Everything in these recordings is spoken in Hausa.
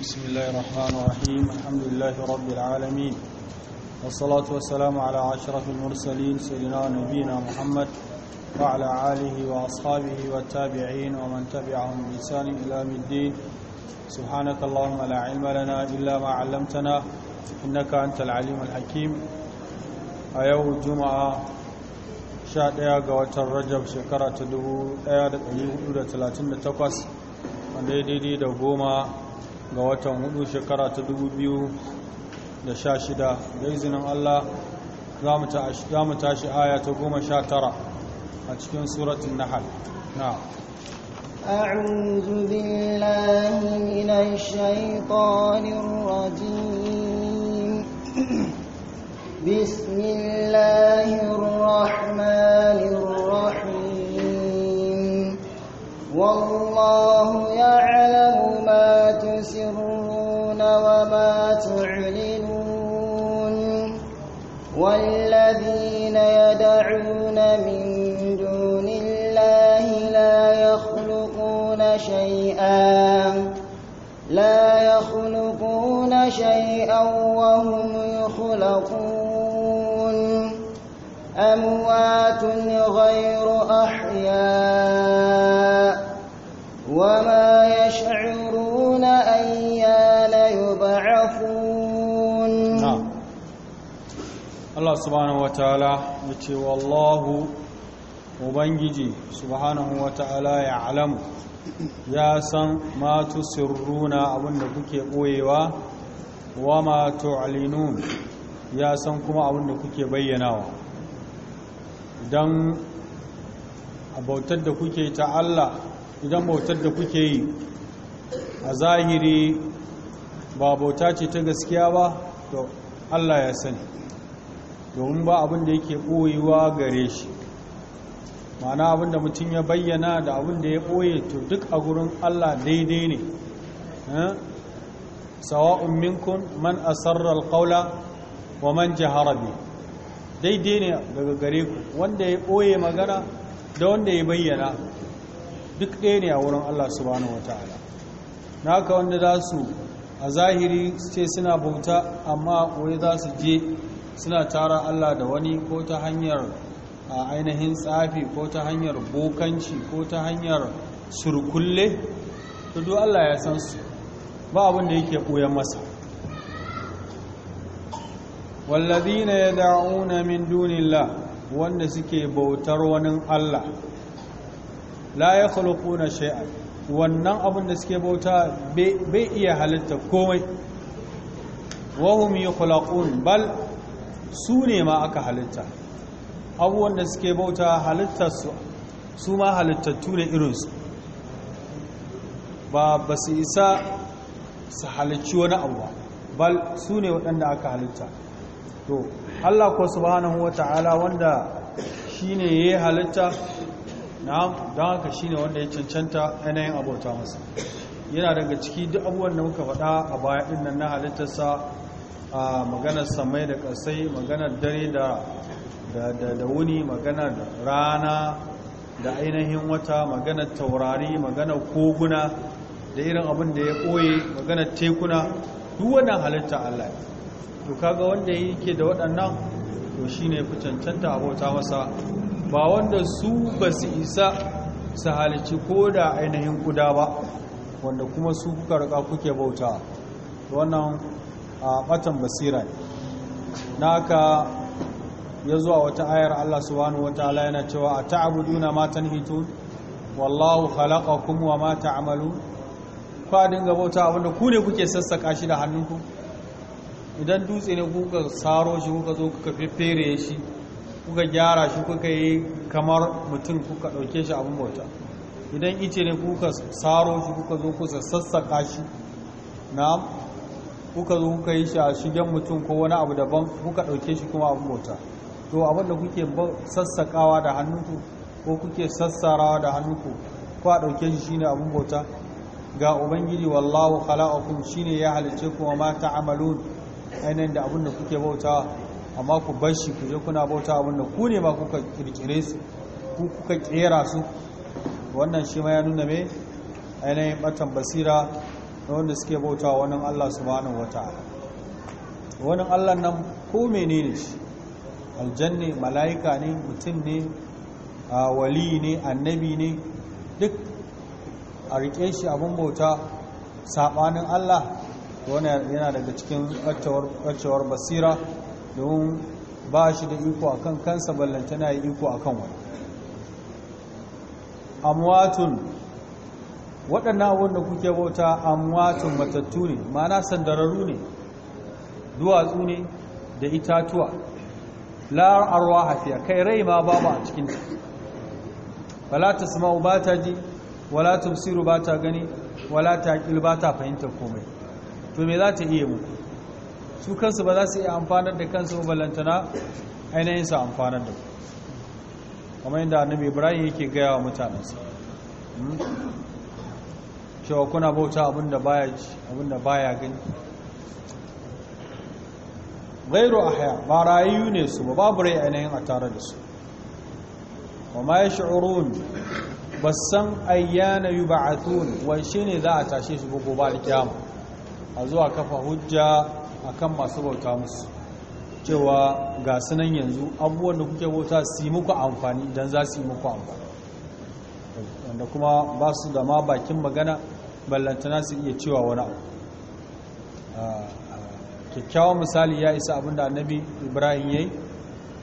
بسم الله الرحمن الرحيم الحمد لله رب العالمين والصلاة والسلام على عشرف المرسلين سيدنا نبينا محمد وعلى آله وأصحابه والتابعين ومن تبعهم بإحسان إلى الدين سبحانك اللهم لا علم لنا إلا ما علمتنا إنك أنت العليم الحكيم أيوم الجمعة sha ɗaya ga watan rajab shekara ta dubu ɗaya da ɗari hudu da talatin da takwas wanda ya daidai da goma ga watan hudu shekara ta dubu biyu da sha shida da izinin Allah za mu tashi aya ta goma sha tara a cikin suratun nahal na أعوذ بالله من الشيطان الرجيم بسم الله الرحمن الرحيم والله والذين يدعون من دون الله لا يخلقون شيئا لا يخلقون شيئا وهم يخلقون أموات غير أحياء وما Allah subhanahu wataala ce wallahu ubangiji subhanahu wataala ya alamu ya san ma sirruna abinda kuke boyewa wa ma alinun ya san kuma abinda kuke bayyanawa idan bautar da kuke ta Allah idan bautar da kuke yi a zahiri ba bauta ce ta gaskiya ba to Allah ya sani domin ba abin da yake ɓoyewa gare shi mana abin da mutum ya bayyana da abin da ya ɓoye to duk a gurin allah daidai ne eh? sawa'un minkun man asarar kaula wa man jahara daidai ne daga gare ku wanda ya ɓoye magana da wanda ya bayyana duk ɗaya ne a wurin allah subhanahu wataala na haka wanda za su a zahiri ce suna bauta amma wani za su je suna tara Allah da wani ko ta hanyar ainihin tsafi ko ta hanyar bokanci ko ta hanyar surkulle to duk Allah ya san su ba abin da yake koyan masa wallazina yad'una min dunillah wanda suke bautar wani Allah la yakhluquna shay'a wannan abin da suke bauta bai iya halitta komai hum yukhlaqun bal su ne ma aka halitta abubuwan da suke bauta halittarsu su ma halittattu ne irinsu ba ba su isa su halicci wani abu ba bal su ne waɗanda aka halitta to allah ko subhanahu wa ta'ala wanda shi ne ya yi halitta na don haka shi ne wanda ya cancanta yanayin abota masa yana daga ciki duk abubuwan da muka faɗa a baya ɗin nan na halittarsa a maganar samai da ƙasai maganar dare da da wuni maganar rana da ainihin wata maganar taurari maganar koguna da irin abin da ya ɓoye maganar tekuna duk halitta Allah to kaga wanda yake da waɗannan to shine fi cancanta abota masa ba wanda su ba su isa su halici ko da ainihin kuda ba wanda kuma su kuka rika kuke bauta wannan a batan basira ne na ka ya zuwa wata ayar Allah subhanahu wataala yana cewa a ta'buduna ma tanhitun wallahu khalaqakum wa ma ta'malu fa dinga bauta abinda ku ne kuke sassaka shi da hannunku idan dutse ne kuka saro shi kuka zo kuka fefere shi kuka gyara shi kuka yi kamar mutum kuka ɗauke shi abin bauta idan ice ne kuka saro shi kuka zo kuka sassaka shi na'am kuka zo kuka yi shi a shigen mutum ko wani abu daban kuka ɗauke shi kuma abin bauta to abin da kuke sassakawa da hannunku ko kuke sassarawa da hannunku ko a ɗauke shi shine abin bauta ga ubangiji wallahu shi shine ya halice kuma ma ta'malun ainihin da abin da kuke bauta amma ku bar shi ku kuna bauta abin da ku ne ma kuka kirkire su ku kuka kera su wannan shi ma ya nuna me ainihin batan basira na wanda suke bauta wani Allah subhanahu wata'ala wani Allah nan ko menene shi aljanne mala'ika ne mutum ne wali ne annabi ne duk a rike shi abin bauta saɓanin Allah wani yana daga cikin ɓacewar basira domin ba shi da iko akan kansa ballantana ya iko akan wani amwatun waɗannan wanda kuke bauta amwatun matattu ne mana sandararru ne duwatsu ne da itatuwa la'ar arwa hafiya kai rai ma babu a cikin wala ta sama'u ba ta ji Walata siru ba ta gani Walata ƙil ba ta fahimtar komai to me za ta iya muku su kansu ba za su iya amfanar da kansu balantana ainihin su amfanar da ku kamar yadda annabi ibrahim yake gaya wa mutanensa hmm? cewa kuna bauta abinda baya abinda baya gani gairu ahya ba rayu ne su ba babu rai ainihin a tare da su wa ma yash'urun basan ayyana yub'athun shi ne za a tashe su gobe ba alkiyama a zuwa kafa hujja akan masu bauta musu cewa ga sunan yanzu abubuwan da kuke bauta su yi muku amfani dan za su yi muku amfani wanda kuma ba su da ma bakin magana ballantana su iya cewa wani abu ah, ah, kyakkyawan misali ya isa abinda annabi ibrahim ya yi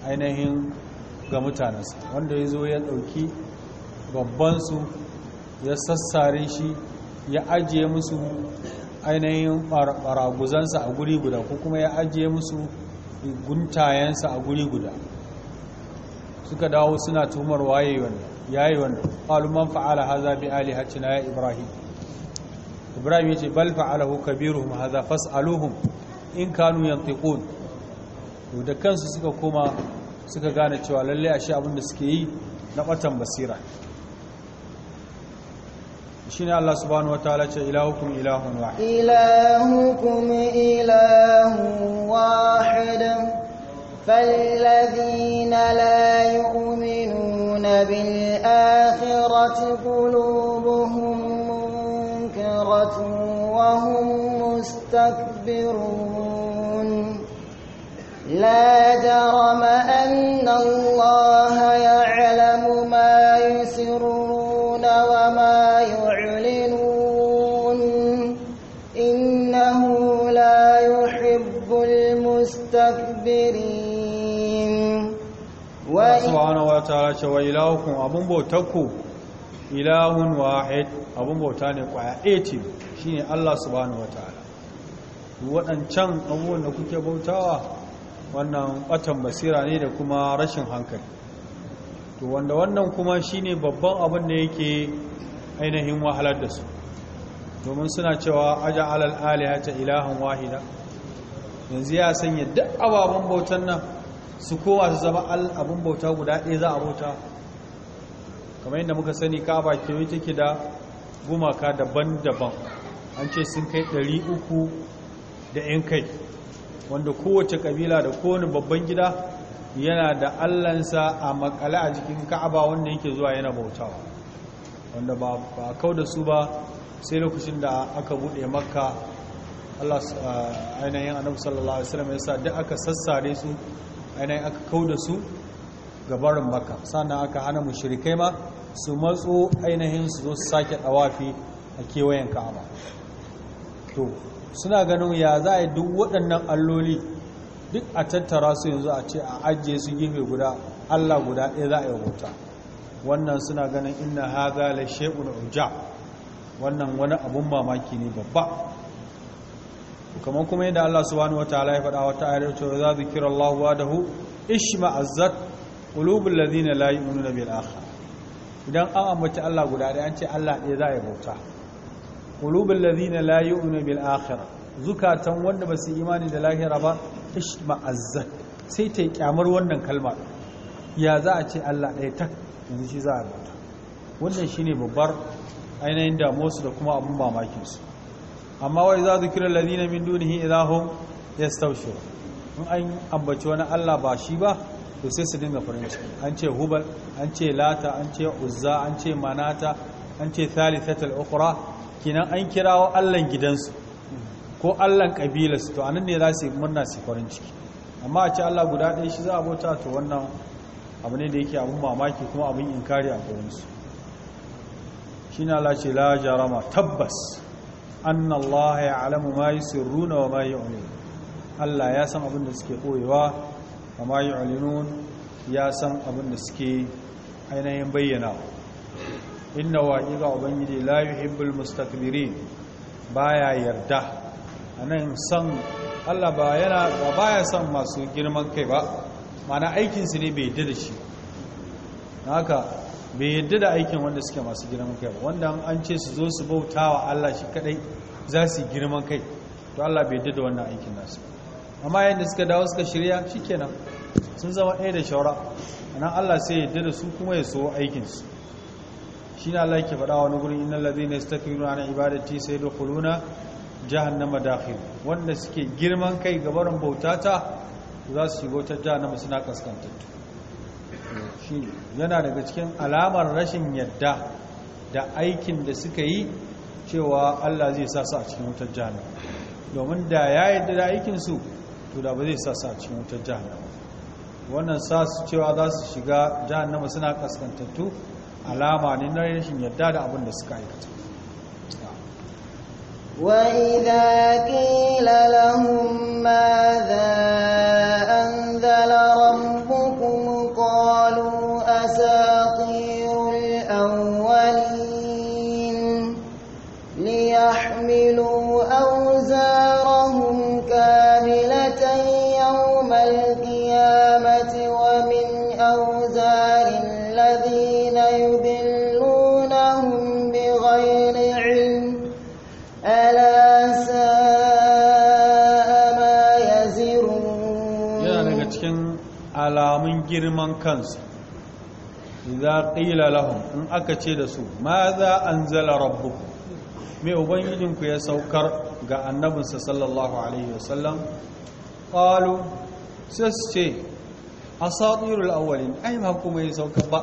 ainihin ga mutanensa wanda ya zo ya ɗauki babbansu ya sassare shi ya ajiye musu ainihin baraguzansa a guri guda ko kuma ya ajiye musu guntayensa a guri guda suka dawo suna tumar waye wani yayi yi qalu man fa'ala haza bi ya ibrahim ibrahim ya ce bal fa'alahu kabiruhum fas fas'aluhum in kanu yantiqun to da kansu suka koma suka gane cewa lalle ashe abin da suke yi na batan basira shine Allah subhanahu wataala ce ilahukum ilahun wahid ilahukum ilahun wahid فالذين لا يؤمنون بالآخرة قلوبهم وَهُمْ مُسْتَكْبِرُونَ لَا جَرَمَ أَنَّ اللَّهَ يَعْلَمُ مَا يُسِرُّونَ وَمَا يُعْلِنُونَ إِنَّهُ لَا يُحِبُّ الْمُسْتَكْبِرِينَ وَإِنَّ سُبْحَانَهُ وَتَعَالَى وَإِلَٰهُكُمْ أبو تكو ilahun wahid abun bauta ne kwaya shi shine Allah subhanahu ala. waɗancan abubuwan da kuke bautawa wannan ɓatan basira ne da kuma rashin hankali to wanda wannan kuma shine babban abin da yake ainihin wahalar da su domin suna cewa aja alal ta ilahan wahida yanzu ya sanya duk ababen bautan nan su kowa su zama abin bauta guda ɗaya za a bauta kamar yadda muka sani ka'aba yi take da gumaka daban-daban an ce sun kai 300 da 'yan kai wanda kowace kabila da kowane babban gida yana da allansa a makale a jikin ka'aba wanda yake zuwa yana bautawa wanda ba kau da su ba sai lokacin da aka buɗe makka Allah ainihin annabi sallallahu alaihi wasallam yasa duk aka sassare su ainihin aka kau da su gabarin makka sannan aka hana mu mushrikai ma su matsu ainihin su zo su sake dawafi a kewayen ka'aba to suna ganin ya za a duk waɗannan alloli duk a tattara su yanzu a ce a ajiye su gefe guda allah guda ɗaya za a yi wuta wannan suna ganin inna haza la shay'un uja wannan wani abun mamaki ne babba kamar kuma yadda Allah subhanahu wataala ya faɗa wata ayar cewa za hu wahdahu ishma azzat qulubul ladina la yu'minuna bil akhir idan an ambaci Allah guda ɗaya an ce Allah ɗaya za a yi bauta qulubul ladhina layi yu'minu bil akhira zukatan wanda ba su imani da lahira ba ishma'azzat sai ta kyamar wannan kalma ya za a ce Allah ɗaya ta yanzu shi za a bauta wannan shine babbar ainihin damuwarsu da kuma abin mamakinsu amma wai za zikirar ladina min dunihi ya yastawshir in an ambaci wani Allah ba shi ba to sai su dinga farin ciki an ce hubal an ce lata an ce uzza an ce manata an ce thalithatul ukhra kinan an kirawo allan gidansu ko allan kabilarsu to anan ne za su murna su farin ciki amma a ce allah guda ɗaya shi za a bauta to wannan abu ne da yake abun mamaki kuma abun inkari a su shi na lace la jarama tabbas an allah ya alamu ma yi sirruna wa ma yi allah ya san abin da suke koyewa kama alinun ya san abin da suke ainihin bayyana inna waqiqa ubangiji hibbul mustakbiri ba ya yarda a nan san Allah ba yana ba ya san masu girman kai ba mana aikin su ne bai yarda da shi haka bai yadda da aikin wanda suke masu girman kai ba wanda an ce su zo su bauta wa Allah shi kadai za su girman kai to Allah bai yadda da wannan aikin nasu ba amma yadda suka dawo suka shirya shikenan sun zama ɗaya da shaura anan Allah sai yadda da su kuma ya so aikinsu shi na Allah ke faɗa wani gurin inna ladina yastakbiruna da ibadati jiha jahannama dakhil wanda suke girman kai ga bauta bautata za su shigo ta jahannama suna kaskantattu shi yana daga cikin alamar rashin yadda da aikin da suka yi cewa Allah zai sa su a cikin wutar jahannama domin da ya yadda da aikinsu to ba zai sasa su a cikin wutar jahannama wannan sa su cewa za su shiga jihar nama suna kaskantattu alama ne na rashin yadda da abin da suka aikata وإذا قيل لهم ماذا girman kansu idza qila lahum in aka ce da su ma za anzala rabbukum me ubangijinku ya saukar ga annabinsa sallallahu alaihi wasallam qalu sai su ce asatirul awwalin ai ma kuma ya sauka ba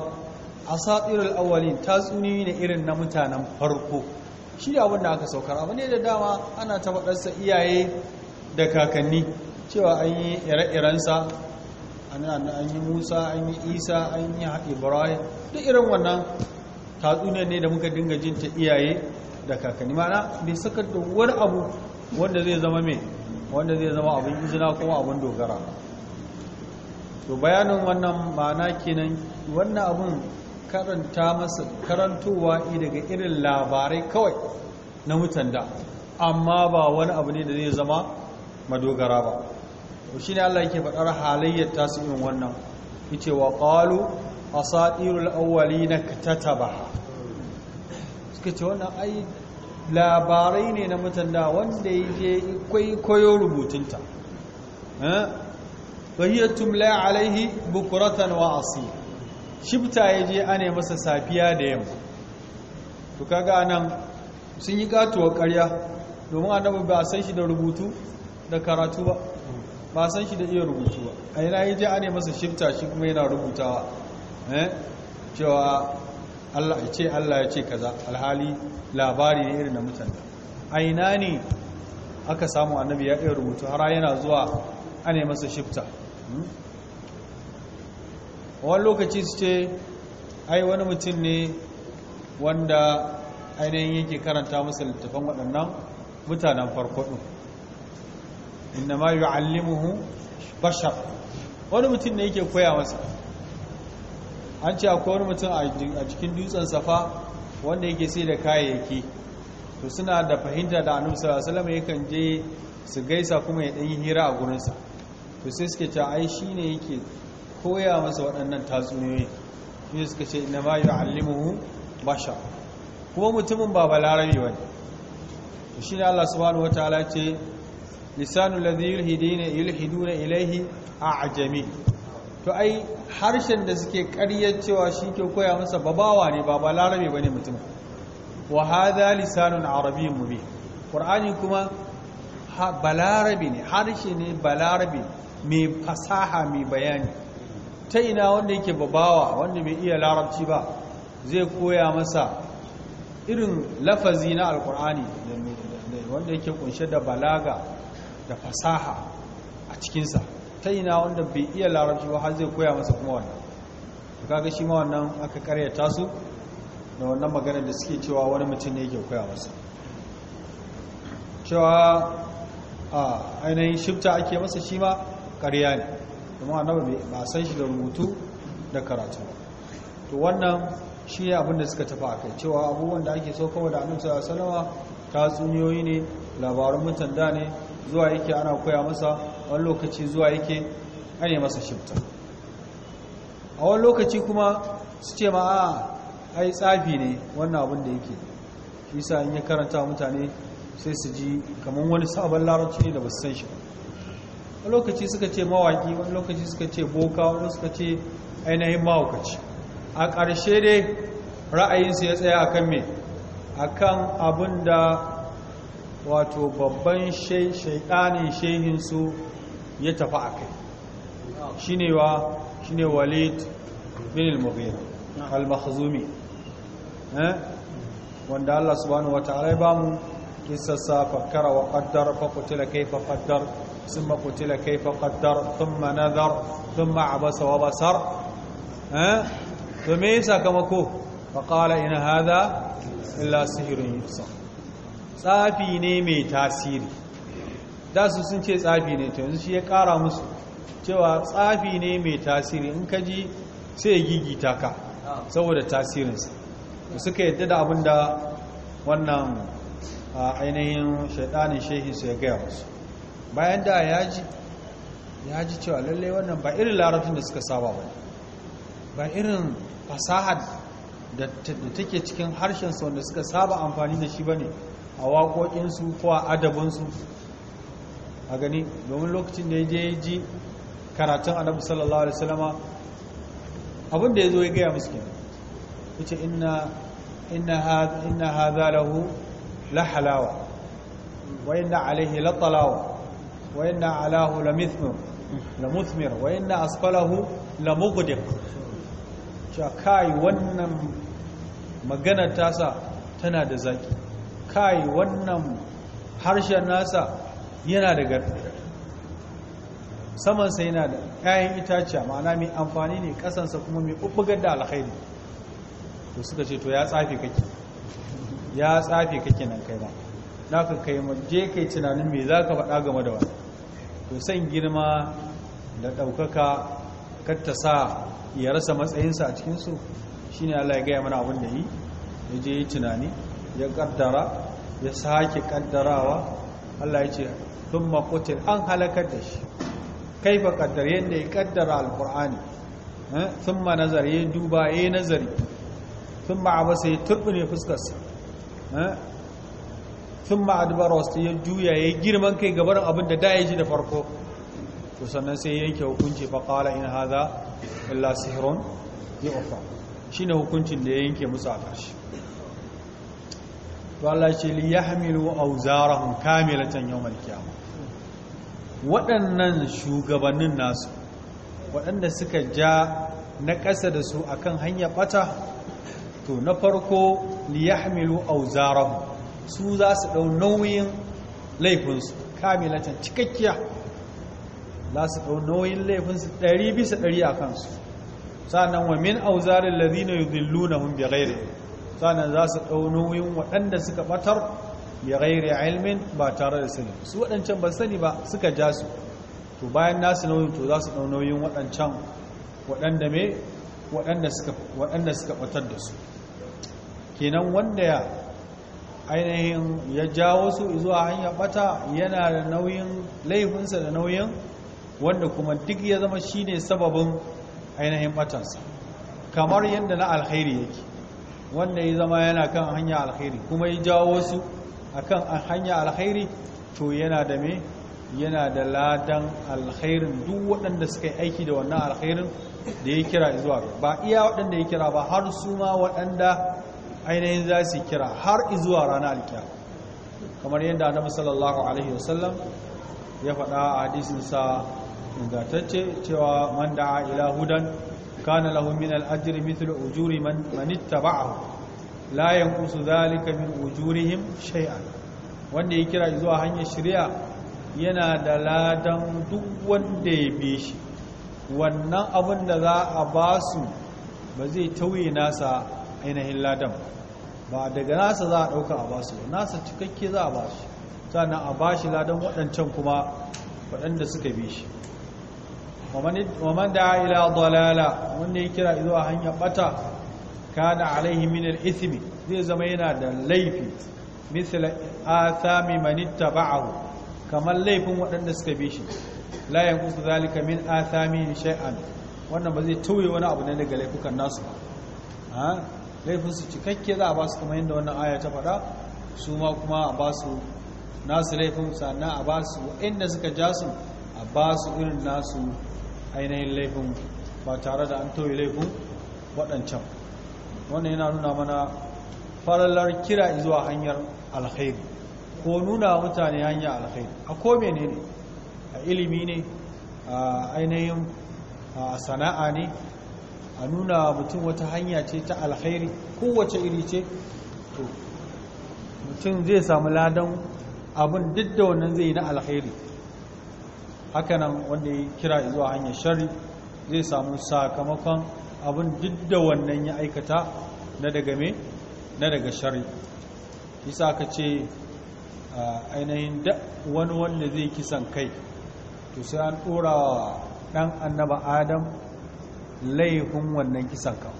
asatirul awwalin tatsuniyoyi ne irin na mutanen farko shi da abin da aka saukar abu ne da dama ana ta faɗarsa iyaye da kakanni cewa an yi ire-irensa an yi musa an yi isa an yi ibrahim duk irin wannan tatsuniya ne da muka dinga jin ta iyaye da kakanni mana bai saka da wani abu wanda zai zama mai wanda zai zama abin izina kuma abin dogara to bayanin wannan mana kenan wannan abun karanta masa karantowa daga irin labarai kawai na mutanda amma ba wani abu ne da zai zama madogara ba to ne Allah yake faɗar halayyar tasu irin wannan yace wa qalu asatirul awwalina katatabaha suka ce wannan ai labarai ne na mutanda wanda yake kwaikwayo rubutunta eh? fahiyar tumla alaihi bukuratan wa asi shibta ya je ana masa safiya da yamma to kaga nan sun yi katuwar ƙarya domin annabi ba a san shi da rubutu da karatu ba ba san shi da iya rubutu ba a yana yi je ane masa shifta shi kuma yana rubutawa eh? cewa Allah ya ce Allah ya ce kaza alhali labari ne irin na mutane a ina ne aka samu annabi ya iya rubutu har yana zuwa ane masa shifta hmm? wani lokaci su ce ai wani mutum ne wanda ainihin yake karanta masa littafan waɗannan mutanen farko ɗin inna ma alimuhu bashar wani mutum ne yake koya masa an ce akwai wani mutum a cikin dutsen safa wanda yake sai da kayayyaki to suna da fahimta da annabi sallallahu alaihi yakan je su gaisa kuma ya dan yi hira a gurinsa to sai suke ce ai ne yake koya masa waɗannan tatsuniyoyi shi suka ce inna ma alimuhu bashar kuma mutumin ba balarabi bane shi ne Allah subhanahu ala ce lisanu ladhi yulhidina yulhiduna ilaihi a'jami to ai harshen da suke ƙaryar cewa shi ke koya masa babawa ne ba ba larabe bane mutum wa hadha lisanun mu mubin qur'ani kuma balarabe ne harshe ne balarabe mai fasaha mai bayani ta ina wanda yake babawa wanda bai iya larabci ba zai koya masa irin lafazi na alkur'ani wanda yake kunshe da balaga da fasaha a cikinsa ta ina wanda bai iya larabci ba har zai koya masa kuma wannan to kaga shi ma wannan aka karyata su da wannan magana da suke cewa wani mutum ne yake koya masa cewa a ainihin shifta ake masa shi ma karya ne kuma annabi ba san shi da rubutu da karatu to wannan shi ne abinda suka tafi a kai cewa abubuwan da ake so kawai da annabi sallallahu alaihi wasallama tatsuniyoyi ne labarun mutanda ne zuwa yake ana koya masa wani lokaci zuwa yake ana masa shifta a wani lokaci kuma su ce ma a ai tsafi ne wannan abin da yake shi sa in ya karanta mutane sai su ji kamar wani sabon larabci ne da ba su san shi a wani lokaci suka ce mawaki wani lokaci suka ce boka wani suka ce ainihin mawakaci a ƙarshe dai ra'ayinsu ya tsaya akan me a kan abin da wato babban shaikanin shehinsu ya tafi a kai shi ne wa shi ne walid bin al-mughira al-makhzumi eh? wanda Allah subhanahu wataala ya bamu kisassa fakkara wa qaddar fa qutila kayfa qaddar thumma qutila kayfa qaddar thumma nadhar thumma abasa wa basar eh to me sakamako fa qala in hadha illa sihrun yusah tsafi ne mai tasiri da su sun ce tsafi ne to yanzu shi ya kara musu cewa tsafi ne mai tasiri in ka ji sai ya gigita ka saboda tasirinsa suka yadda da abin da wannan ainihin shaidanin shehinsu ya gaya musu bayan da ya ji ya ji cewa lalle wannan ba irin larabcin da suka saba ba ba irin fasahar da take cikin harshen sau da suka saba amfani da shi ba ne a waƙoƙinsu ko a adabinsu a gani domin lokacin da ya je ya ji karatun annabi sallallahu alaihi wasallama abin da ya zo ya gaya musu kenan yace inna inna hadha inna hadha lahu la halawa wa inna alaihi la talawa wa inna alahu la mithmir la muthmir wa inna asfalahu la mughdiq cewa kai wannan magana tasa tana da zaki kai wannan harshen nasa yana daga saman samansa yana da 'ya'yan itaciya ma'ana mai amfani ne kasansa kuma mai ɓuɓɓugar da alkhairi to suka ce to ya tsafi kake ya tsafi kake nan kai ba na ka kai je kai tunanin mai za ka faɗa game da wani to san girma da ɗaukaka katta sa ya rasa matsayinsa a cikinsu shi ne allah ya gaya mana abin da yi ya je yi tunani ya kaddara ya sake kaddarawa Allah ya ce thumma qutil an halakar da shi kaifa kaddar yadda ya kaddara alqur'ani eh, ma nazari ya duba ya yi nazari thumma abasa ya turbine fuskarsa eh, thumma adbara wasu ya juya ya girman kai gabarin abin da da ya ji da farko to sannan sai yanke hukunci fa qala in hadha illa sihrun yu'fa shine hukuncin da ya yanke musu a ƙarshe to Allah ce li kamilatan yawmal qiyamah waɗannan shugabannin nasu waɗanda suka ja na ƙasa da su akan hanyar bata to na farko li yahmilu su za su ɗau nauyin laifinsu kamilatan cikakkiya za su ɗau nauyin laifinsu ɗari bisa ɗari a kansu sa'annan wa min luna lazina bi bighairi sanan za su ɗau waɗanda suka ɓatar ya gairi ilmin ba tare da sani su waɗancan ba sani ba suka ja su to bayan nasu nauyin to za su ɗau nauyin waɗancan waɗanda mai waɗanda suka ɓatar da su kenan wanda ya ainihin ya ja wasu zuwa hanya ɓata yana da nauyin laifinsa da nauyin wanda kuma duk ya zama shi ne sababin ainihin ɓatansa kamar yadda na alkhairi yake wanda ya zama yana kan hanya alkhairi kuma ya jawo su kan hanya alkhairi to yana da me yana da ladan alkhairin duk waɗanda suka yi aiki da wannan alkhairin da ya kira zuwa ba iya waɗanda ya kira ba har su ma waɗanda ainihin za su kira har zuwa ranar alkiya kamar yadda annabi sallallahu alaihi wasallam ya faɗa a hadisinsa ingantacce cewa man da'a ila hudan كان له من الأجر مثل أجور من, من اتبعه لا ينقص ذلك من أجورهم شيئا wanda ya kira zuwa hanyar shari'a yana da ladan duk wanda ya bi shi wannan abin da za a ba su ba zai tauye nasa ainihin ladan ba daga nasa za a ɗauka a ba su ba nasa cikakke za a ba shi sannan a ba shi ladan waɗancan kuma waɗanda suka bi shi wa man da'a ila dalala wanda ya kira zuwa hanyar bata kana alaihi min al-ithmi zai zama yana da laifi misal athami man ittaba'ahu kamar laifin waɗanda suka bi shi la yanqusu zalika min athami shay'an wannan ba zai tauye wani abu ne daga laifukan nasu ba laifin su cikakke za a ba su kamar yadda wannan aya ta faɗa su ma kuma a ba su nasu laifin sannan a ba su inda suka ja su a ba su irin nasu ainihin laifin ba tare da an toye laifin waɗancan wannan yana nuna mana farallar kira zuwa hanyar alkhairi ko nuna mutane hanyar alkhairi a ko ne ne a ilimi ne a ainihin sana'a ne a nuna mutum wata hanya ce ta alkhairi kowace iri ce to mutum zai samu ladan abin duk da wannan zai yi na alkhairi hakanan wanda ya kira zuwa hanyar shari zai samu sakamakon abin duk da wannan ya aikata na daga me na daga shari isa ka ce ainihin wani wanda zai kisan kai to sai an ɗora ɗan annaba adam laifin wannan kisan kan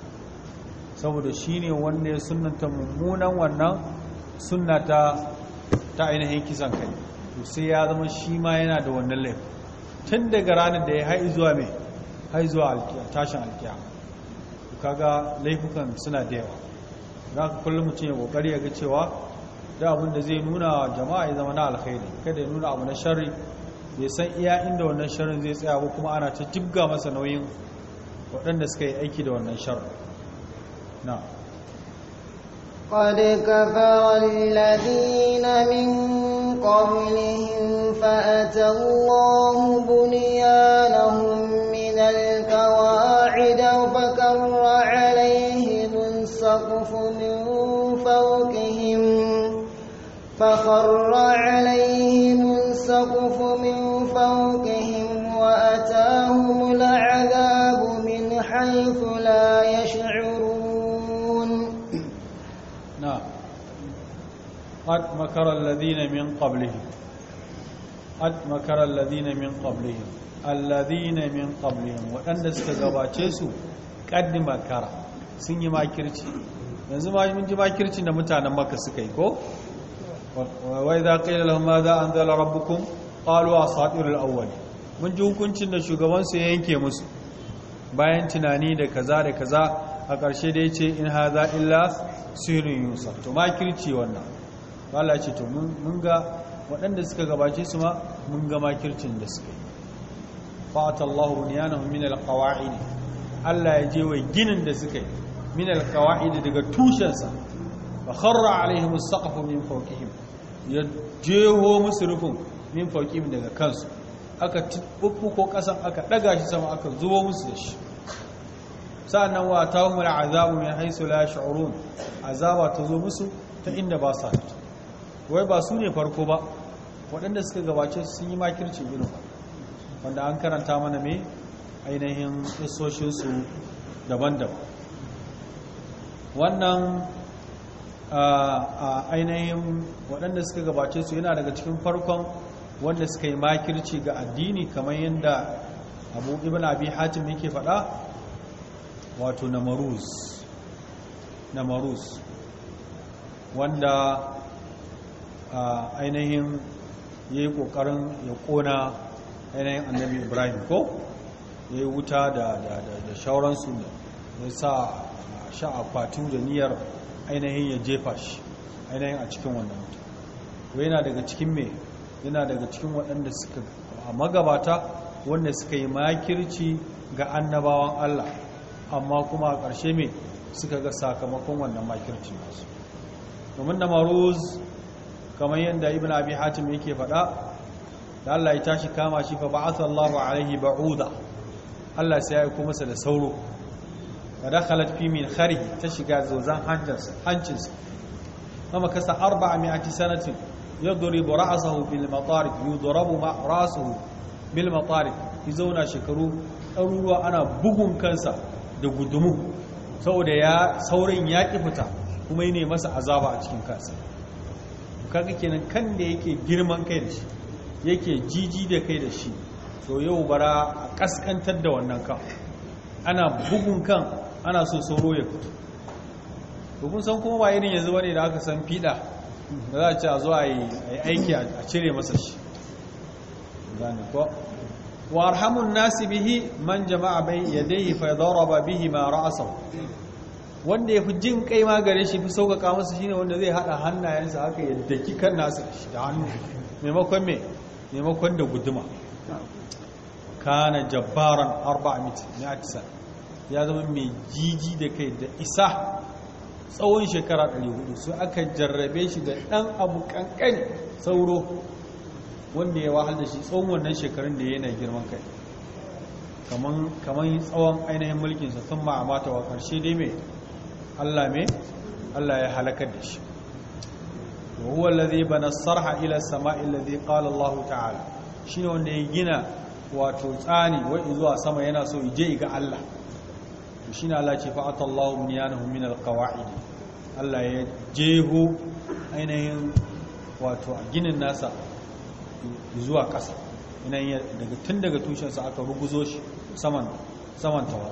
saboda shi ne wanda ya sunanta mummunan wannan sunna ta ainihin kisan kai to sai ya zama shi ma yana da wannan laifin tun daga ranar da ya hai zuwa mai hai zuwa tashin alkiya kaga laifukan suna da yawa za ka kullum mutum ya kokari ya ga cewa da abin da zai nuna jama'a ya zama na alkhairi kada ya nuna abu na shari bai san iya inda wannan sharrin zai tsaya ko kuma ana ta jibga masa nauyin waɗanda suka yi aiki da wannan sharrin na قد كفر الذين من قبلهم فأتى الله بنيانهم من الكواعد فكر عليهم السقف من فوقهم فخر عليهم السقف من فوقهم وأتاهم العذاب من حيث قد مكر الذين من قبلهم قد مكر الذين من قبلهم الذين من waɗanda suka gabace su qad makara sun yi makirci yanzu ma mun ji makirci da mutanen maka suka yi ko za idza qila lahum ma za anzala rabbukum a asatirul awwal mun ji hukuncin da shugaban su ya yanke musu bayan tunani da kaza da kaza a ƙarshe da yace in haza illa sirrin yusuf to makirci wannan Bala ce to mun ga waɗanda suka gabace su ma mun ga makircin da suka yi fata Allah bunyanahum min qawa'id Allah ya je wa ginin da suka yi min qawa'id daga tushensa wa kharra alaihim as-saqfu min fawqihim ya jeho musu rufin min fawqihim daga kansu aka tuffu ko kasan aka daga shi sama aka zubo musu da shi sa'annan wa ta'umul azabu min haythu la yash'urun azaba tazo musu ta inda ba sa wai ba su ne farko ba waɗanda suka gabace sun yi makircin irin wanda an karanta mana mai ainihin isoshinsu daban-daban wannan a ainihin waɗanda suka gabace su yana daga cikin farkon wanda suka yi makirci ga addini kamar yadda abu ibn abi hatim yake faɗa wato na namaruz wanda ainihin ya yi ƙoƙarin ya ƙona ainihin annabi ibrahim ko ya yi wuta da shauransu ya sa sha akwatu da niyyar ainihin ya jefa shi ainihin a cikin wannan wuta yana daga cikin me yana daga cikin waɗanda suka a magabata wanda suka yi makirci ga annabawan allah amma kuma a ƙarshe me suka ga sakamakon wannan makircin nasu domin da maruz kamar yadda ibn abi hatim yake faɗa da Allah ya tashi kama shi fa ba'atha Allahu alaihi ba'uda Allah sai ya aiko masa da sauro fa dakhalat fi min kharihi ta shiga zozan hanjinsa hancinsa kama kasa 400 sanatin yadrib ra'sahu bil matarik yudrabu ma bil matarik zauna shekaru ɗaruruwa ana bugun kansa da gudumu saboda ya saurin ya ƙi fita kuma yi ne masa azaba a cikin kansa kaga kenan kan da yake girman kai da shi yake jiji da kai da shi to yau bara a kaskantar da wannan kan ana bugun kan ana so sauro ya fito to kun san kuma ba irin yanzu bane da aka san fiɗa da za a ci a zo a yi aiki a cire masa shi gane ko wa arhamun nasi bihi man jama'a bai yadai fa daraba bihi ma ra'asahu wanda ya fi jin kai ma gare shi fi sauƙaƙa masa shine wanda zai haɗa hannayensa haka ya daki kan shi, da hannu maimakon me maimakon da guduma kana jabbaran a tisa ya zama mai jiji da kai da isa tsawon shekara 400 su aka jarrabe shi da ɗan abu ƙanƙani sauro wanda ya wahal da shi tsawon wannan shekarun da yana girman kai kamar tsawon ainihin mulkinsa sun ma'amata wa ƙarshe dai mai Allah me Allah ya halakar da shi wa huwa allazi bana sarha ila samai allazi qala Allah ta'ala shine wanda ya gina wato tsani wai zuwa sama yana so je ga Allah to shine Allah ce fa atallahu bunyanahum min alqawaid Allah ya jeho ainihin wato a ginin nasa zuwa ƙasa daga tun daga tushensa aka ruguzo shi saman saman tawa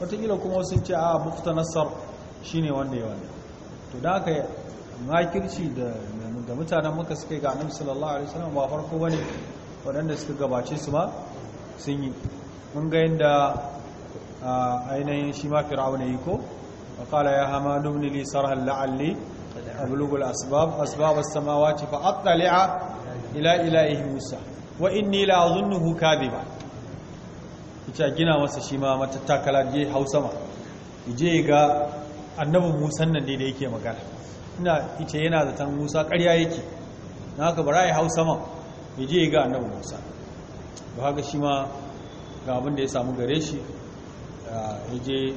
wataƙila kuma sun ce a mukta nasar Shi ne wanda ya wanda to da aka makirci da mutanen muka suka yi ga annabi sallallahu alaihi wasallam ba farko bane waɗanda suka gabace su ma sun yi mun ga yadda ainihin shi ma fir'auna yi ko wa qala ya hama ibn li sarhan la'alli ablugu al-asbab asbab as-samawati fa attali'a ila ilahi musa wa inni la azunnuhu ba ita gina masa shi ma matattakala je hausa ma je ga Annabu musan nan ne da yake magana ina ita yana zaton musa ƙarya yake na haka bara ya hau sama ya je ga annabu musa ba haka shi ma ga abin da ya samu gare shi ya je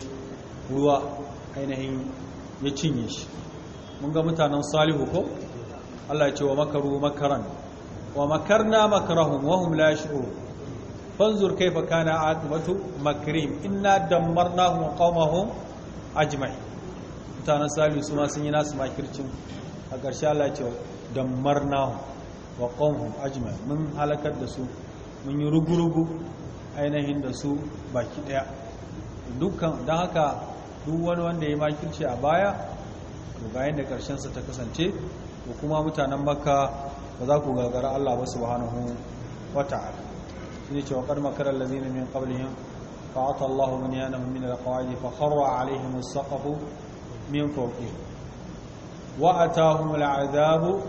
ruwa ainihin ya cinye shi mun ga mutanen salihu ko Allah ya ce wa makaru makaran wa makarna makarahum wa hum la yash'urun fanzur kaifa kana aqibatu makrim inna dammarnahum wa ajma'in mutanen salihu su ma sun yi nasu makircin a ƙarshe Allah ce dammar wa ƙonhu ajima mun halakar da su mun yi rugurugu ainihin da su baki ɗaya dukkan don haka duk wani wanda ya makirci a baya to bayan da ƙarshensa ta kasance ko kuma mutanen makka ba za ku gagara Allah ba subhanahu wa wata shine cewa qad makara allazina min qablihim fa ata yana mummina min ƙawai fa kharra alaihim as من فوقهم وأتاهم العذاب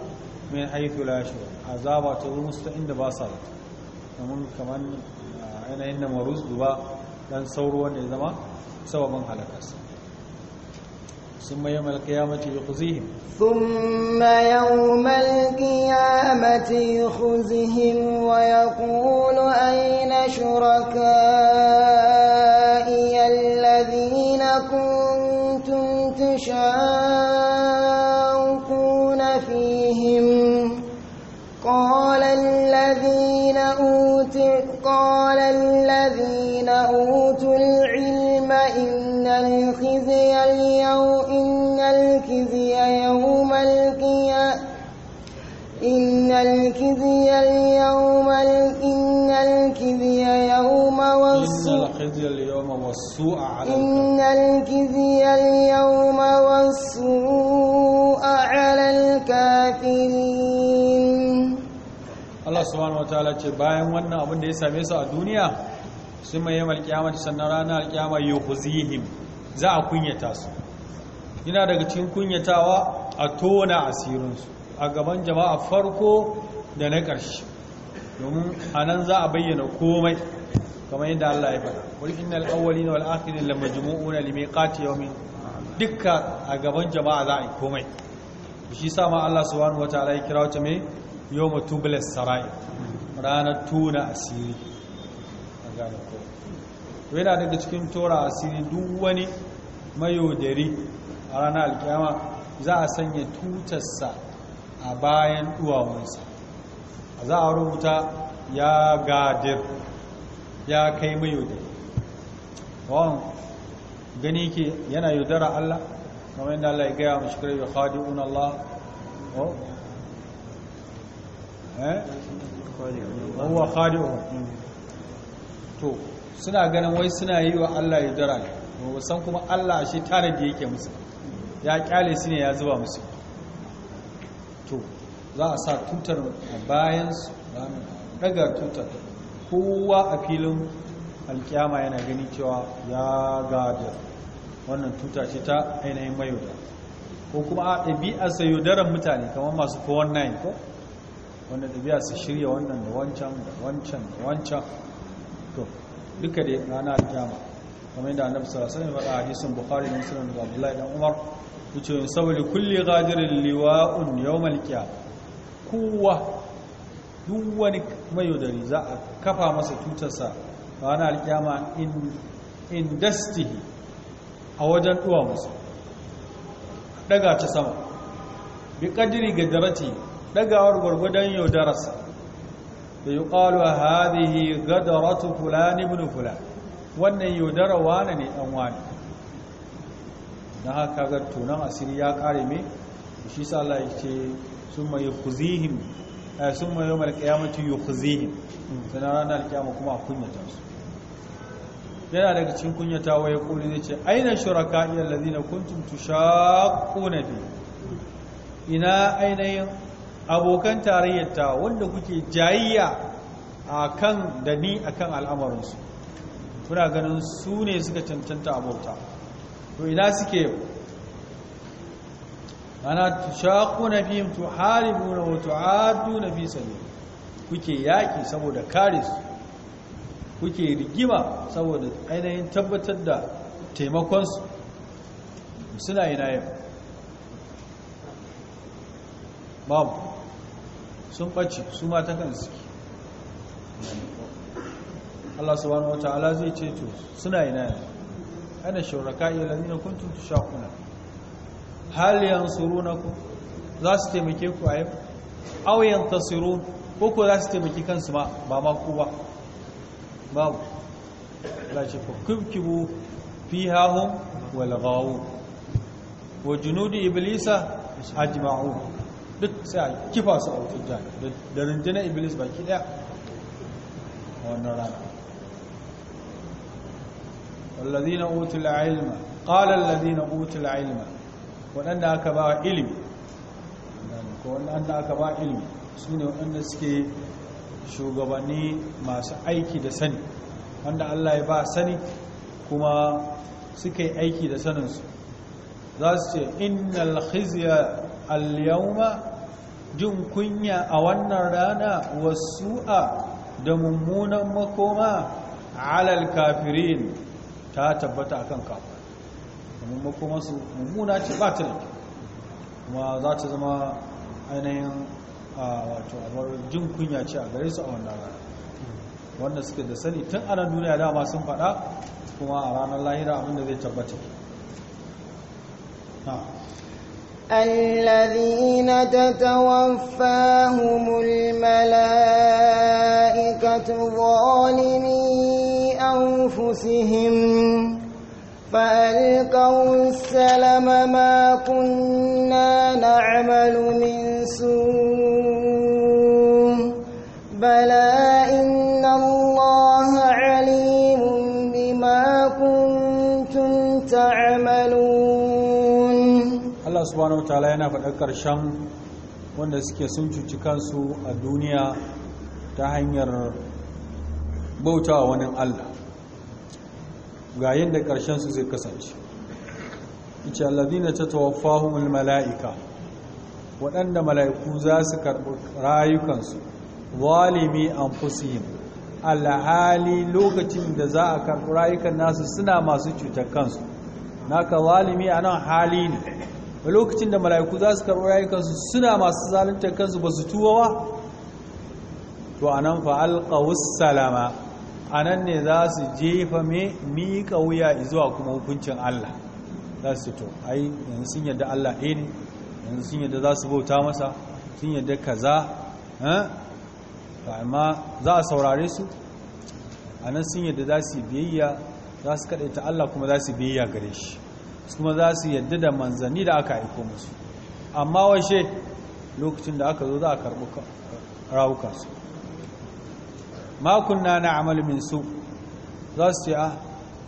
من حيث لا يشعرون عذاب تغمس عند باصرت ومن كمان آه، أنا إن مروز دبا لن سوروا الزمان سوى من على ثم يوم القيامة يخزيهم ثم يوم القيامة يخزيهم ويقول أين شركائي الذين كنتم تشاقون فيهم قال الذين أوتوا قال الذين أوتوا العلم إن الخزي اليوم إن الخزي يوم القيامة إن الخزي اليوم إن الخزي يوم والسوء والسوء على ان إن اليوم والسوء على الكافرين Allah سبحانه وتعالى ce bayan wannan abin da ya same su a duniya sun mai yamal kiyamata sannan ranar alkiyama yukhzihim za a kunyata su ina daga cikin kunyatawa a tona asirin su a gaban jama'a farko da na ƙarshe domin a nan za a bayyana komai kamar yadda Allah ya faɗa wal innal awwalina wal akhirin lamajmu'una limiqati yawmin dukka a gaban jama'a za a yi komai shi sa ma Allah subhanahu wataala ya kira ta me yawma tublas sarai ranar tuna asiri gane ko yana daga cikin tora asiri duk wani mayodari a ranar alkiyama za a sanya tutarsa a bayan duwawansa za a rubuta ya gadir ya kai mai yaudari wọn gani ke yana yaudara Allah kamar yadda Allah ya gaya wa mashikar Khadi khadi'un Allah Khadi eh? khadi'un to suna ganin wai suna yi wa Allah yaudara ne san kuma Allah shi tare da yake musu ya kyale su ne ya zuba musu to za a sa tutar a su daga tutar kowa a filin alkyama yana gani cewa ya gada wannan tuta ce ta ainihin mayuda ko kuma a ɗabi'a daren mutane kamar masu 419 ko wanda ɗabi'a su shirya wannan da wancan da wancan da wancan to duka da rana alkyama kamar yadda annabi sallallahu sanin wasallam ya hadisin bukhari da muslim da abdullahi dan umar yin saboda kulle gajirin liwa'un yau qiyamah kowa duk wani mayaudari za a kafa masa tutarsa ba wani alkiyama in dastihi a wajen ɗuwa musu daga ta sama bi ƙadiri ga darati dagawar gwargwadon yaudararsa da yi ƙalu a hadihi gadaratu fulani ibn fulani wannan yaudara wane ne ɗan wane na haka ga tunan asiri ya ƙare mai shi sa Allah ya ce sun mai kuzihim Eh, sun mai yau malkiyamati ranar kuma a kunyata su yana daga cikin kunyata wa ya kuli zai ce aina shuraka iya lazina kuntum kuna bi ina ainihin abokan tarayyarta wanda kuke jayayya kan da ni a kan al'amarinsu kuna ganin su ne suka cancanta abota to ina suke yau mana tushaquna fihim tuharibuna wa tu'aduna fi sabil kuke yaki saboda kare su kuke rigima saboda ainihin tabbatar da taimakon su suna ina yau babu sun ɓace su ma ta kan suke Allah subhanahu wa ta'ala zai ce to suna ina yau ana shauraka ilalina kuntum tushaquna hal yansurunakum za su taimake ku a yau aw yantasirun ko ko za su taimaki kansu ba ba ma ku ba babu la ce ku kubkibu fiha hum wal ghawu wa junudi iblisa ajma'u duk sai a kifa su a wutar jihar da rundunar iblis baki daya a wannan rana wallazina utul ilma qala allazina utul ilma waɗanda aka ba ilimi waɗanda aka ba ilimi su ne waɗanda suke shugabanni masu aiki da sani wanda Allah ya ba sani kuma suke aiki da saninsu za su ce innal khizya al-yawma jin kunya a wannan rana wasu a da mummunan makoma alal kafirin ta tabbata kan kafa. domin makomansu mummuna ce ba ta da kuma za ta zama ainihin wato abar jin kunya ce a gare su a wannan rana wanda suke da sani tun a nan duniya dama sun faɗa kuma a ranar lahira abinda zai tabbata الذين تتوفاهم الملائكة ظالمي أنفسهم فألقوا السلم ما كنا نعمل من سوء بلى إن الله عليم بما كنتم تعملون الله سبحانه وتعالى yana faɗar ƙarshen wanda suke sun kansu a duniya ta hanyar bautawa wani Allah ga yadda ƙarshen su zai kasance ice allazina tatawaffahumul mala'ika waɗanda mala'iku za su karɓi rayukansu Walimi zalimi anfusihim alhali lokacin da za a karɓi rayukan nasu suna masu cutar kansu naka a nan hali ne A lokacin da mala'iku za su karɓi rayukansu suna masu zaluntar kansu ba su tuwa To to anan fa alqawus salama a nan ne za su jefa miƙa wuya zuwa kuma hukuncin Allah za su to ai yanzu sun yadda Allah ɗaya ne yanzu sun yadda za su bauta masa sun yadda kaza amma za a saurare su a nan sun yadda za su biyayya za su kaɗaita Allah kuma za su biyayya gare shi kuma za su yadda da manzanni da aka aiko musu amma washe lokacin da aka zo za a karɓi rawukansu ma kunna amal min su za su ce a ah,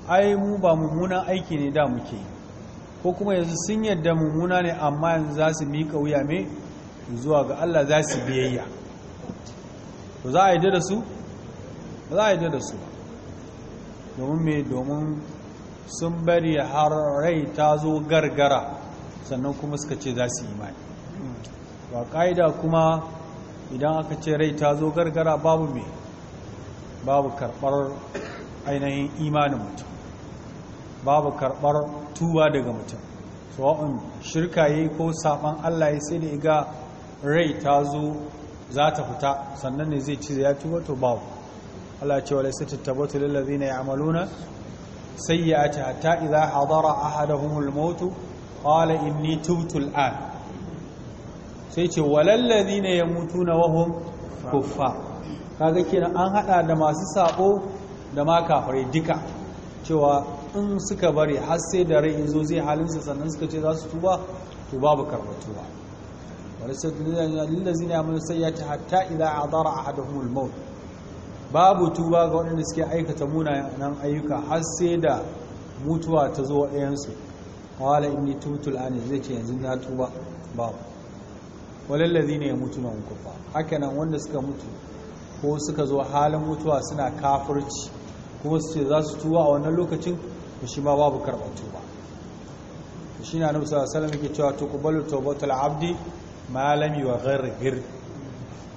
ai mu ba mummunan aiki ne da muke ko kuma yanzu sun yadda mummuna ne amma yanzu za su miƙa wuya mai zuwa ga Allah za su biyayya ba za a yi da su ba za a yi da su domin me domin sun bari har rai ta zo gargara sannan kuma suka ce za su imani ba ƙa'ida kuma idan aka ce rai ta zo gargara babu mai babu karɓar ainihin imanin mutum babu karɓar tuba daga mutum sawa'un shirka yi ko saɓan allah ya sai da iga rai ta zo za ta fita sannan ne zai ci ya tuba to babu allah ce wale sai ya lillazi na ya'amaluna sayyi'ati hatta iza hadara ahaduhumul maut in ni tubtu al'an sai ce ne ya mutu na wahun kuffa. kaga kenan an hada da masu sabo da ma kafare duka cewa in suka bari har sai da rai yanzu zai halinsa sannan suka ce za su tuba to babu Wani ya ba sai ya ta hatta idza adara ahaduhum al-maut babu tuba ga waɗanda suke aikata munanan ayyuka har sai da mutuwa ta zo ɗayansu qala inni tutul an zai ce yanzu na tuba babu walillazina yamutuna kufar hakanan wanda suka mutu ko suka zo halin mutuwa suna kafirci kuma su ce za su tuwa a wannan lokacin to shi ma babu karɓar tuba shi na nufi sallallahu alaihi yake cewa tuqbalu tawbatul abdi ma wa gargir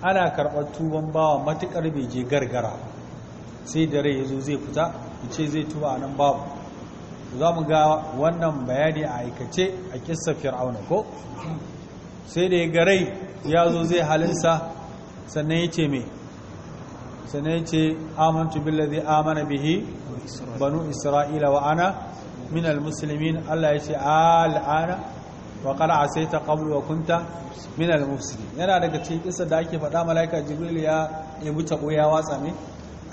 ana karɓar tuban bawa matukar bai je gargara sai da rai yazo zai fita ce zai tuba a nan babu za mu ga wannan bayani a aikace a kissa fir'auna ko sai da ya garai ya zo zai halinsa sannan ya ce mai sanai ce amantu zai amana bihi banu isra'ila wa ana min almuslimin Allah ya ce al'ana wa qad asaita qablu wa kunta min al-musulmi. yana daga cikin kisa da ake faɗa malaika jibril ya yabi tabo ya watsa ne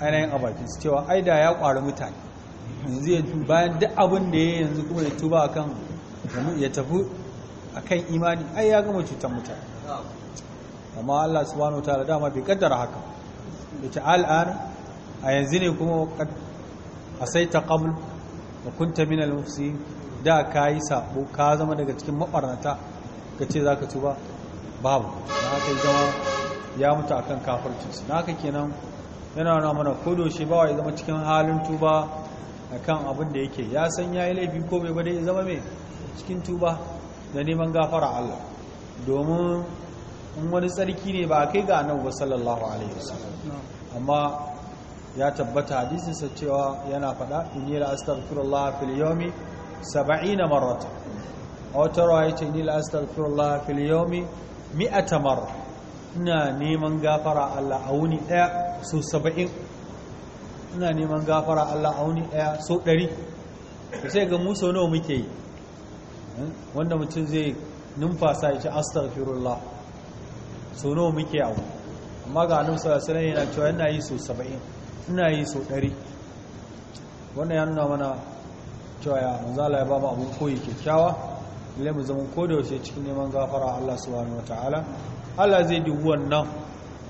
ainihin abakin su cewa ai da ya ƙwari mutane yanzu ya bayan duk abin da ya yanzu kuma ya tuba akan ya tafi akan imani ai ya gama cutar mutane amma Allah subhanahu wataala dama bai kaddara haka yace al'ana a yanzu ne kuma a sai ta qabl da kunta min al da yi sabo ka zama daga cikin maɓarnata za ka ci tuba babu na haka zama ya mutu akan kafirci na haka kenan yana nuna mana ko shi wa ya zama cikin halin tuba kan abin da yake ya san yayi laifi ko bai ba dai ya zama mai cikin tuba da neman gafara Allah domin in wani tsarki ne ba a kai ga anan ba sallallahu alaihi wasallam amma ya tabbata hadisin sa cewa yana faɗa inni la astaghfirullah fil yawmi 70 marrata aw tarawa yace inni la astaghfirullah fil yawmi 100 marra ina neman gafara Allah a wuni daya so 70 ina neman gafara Allah a wuni daya so 100 sai ga mu sau nawa muke yi wanda mutum zai numfasa ya ce astaghfirullah sau nawa muke abu amma ga annabi sallallahu alaihi yana cewa yana yi so 70 ina yi so 100 wannan ya nuna mana cewa ya manzo Allah ya ba mu abun koyi kyakkyawa lalle mu zama ko da yaushe cikin neman gafara Allah subhanahu wataala Allah zai dubi wannan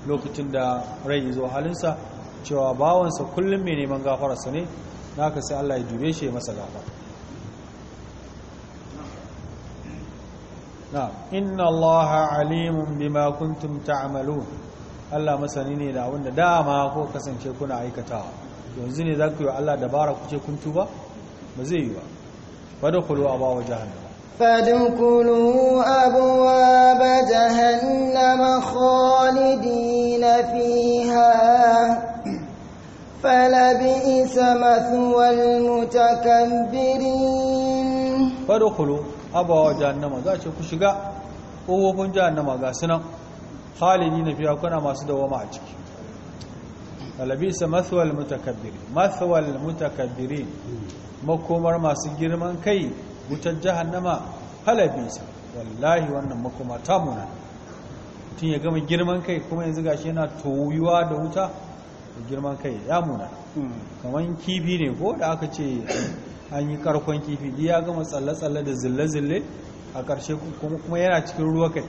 lokacin da rai zo halinsa cewa bawansa kullum mai neman gafararsa ne naka sai Allah ya dube shi ya masa gafara inna allaha alimun bima kuntum ta'malun Allah masani ne da wanda dama ko kasance kuna aikatawa yanzu ne za ku yi Allah dabara kuce ce kun tuba ba zai yi ba fadkhulu abwa jahannam fadkhulu abwa jahannam khalidina fiha فلبئس مثوى المتكبرين فادخلوا abawa jahannama za ce ku shiga ƙofofin jahannama ga sunan halini na fiya kuna masu dawama a ciki alabisa mathwal mutakabbiri mathwal mutakabbiri makomar masu girman kai wutar jahannama halabisa wallahi wannan makoma ta muna tun ya gama girman kai kuma yanzu gashi yana toyuwa da wuta da girman kai ya muna hmm. kamar kifi ne ko da aka ce an yi karkon kifi di ya gama tsalle-tsalle da zille-zille a ƙarshe kuma yana cikin ruwa kai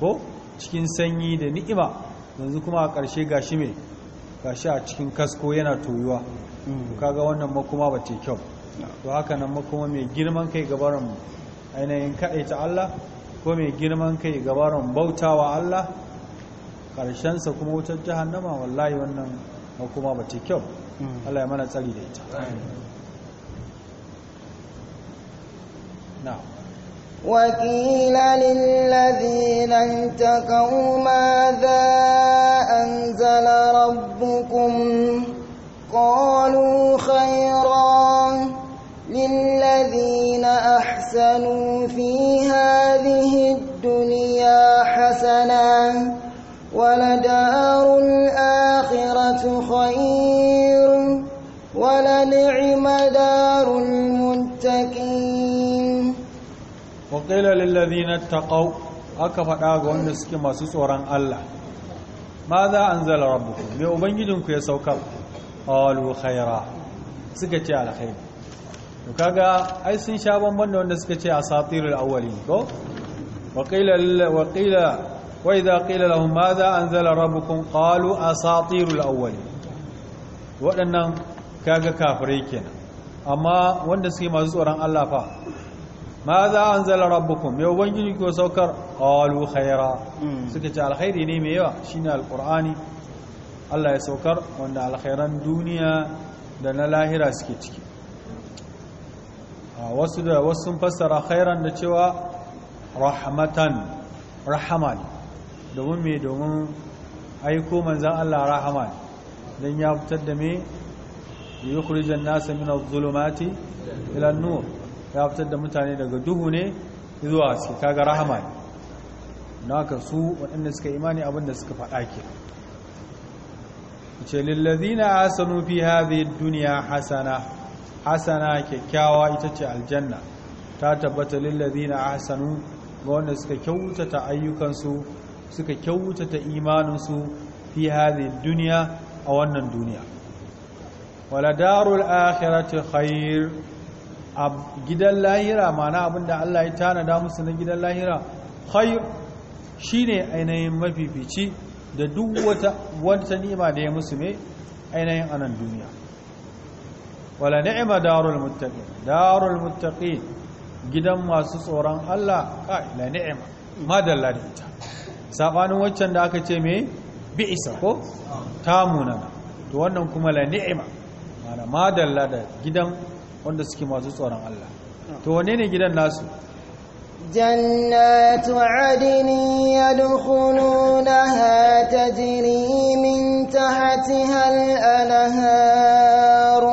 ko cikin sanyi da ni'ima yanzu kuma a ƙarshe gashi mai gashi a cikin kasko yana toyuwa mm. kaga wannan makoma ba ce kyau to haka nan makoma mai girman kai gabaran ainihin ta Allah ko mai girman kai gabaran bautawa Allah ƙarshensa kuma wutar jahannama wallahi wannan makoma ba ce kyau mm. Allah ya mana tsari da ita نعم. وقيل للذين اتقوا ماذا أنزل ربكم قالوا خيرا للذين أحسنوا في هذه الدنيا حَسَنًا ولدار الآخرة خير ولنعم دار المتقين waƙila lillazina taqaw aka faɗa ga wanda suke masu tsoron Allah ma za an zala rabbukum me ubangijinku ya saukar qalu khaira suka ce alkhair to kaga ai sun sha bamban da wanda suka ce asatirul awwalin ko waƙila waƙila wa idza qila lahum ma za an zala rabbukum qalu asatirul awwalin waɗannan kaga kafirai kenan amma wanda suke masu tsoron Allah fa ma za an zala rabbukum mai ubangiji ko saukar qalu khaira hmm. suka ce alkhairi ne mai yawa shine alkur'ani Allah ya saukar wanda alkhairan duniya da na lahira suke ciki ah, wasu da wasu sun fassara khairan da cewa rahmatan rahamani domin me domin aiko manzan Allah rahamani dan ya fitar da me yukhrijan nasa min adh ila an-nur ya fitar da mutane daga duhu ne zuwa haske kaga rahama ne na su waɗanda suka imani abinda suka faɗa ke ce lillazina hasanu fi haɗe duniya hasana hasana kyakkyawa ita ce aljanna ta tabbata lillazina hasanu ga wanda suka kyautata ayyukansu suka kyautata imaninsu fi haɗe duniya a wannan duniya wala darul akhirati khair a gidan lahira mana abinda Allah ya tanada musu na gidan lahira khair shine ainihin mafifici da duk wata wata ni'ima da ya musu ne ainihin anan duniya wala ni'ima darul muttaqin darul muttaqin gidan masu tsoron Allah ka la ni'ima madalla da ita sabanin waccan da aka ce me bi isa ko tamuna to wannan kuma la ni'ima mana madalla da gidan wanda suke masu tsoron Allah to wane ne gidan nasu جنات عدن يدخلونها تجري من تحتها الأنهار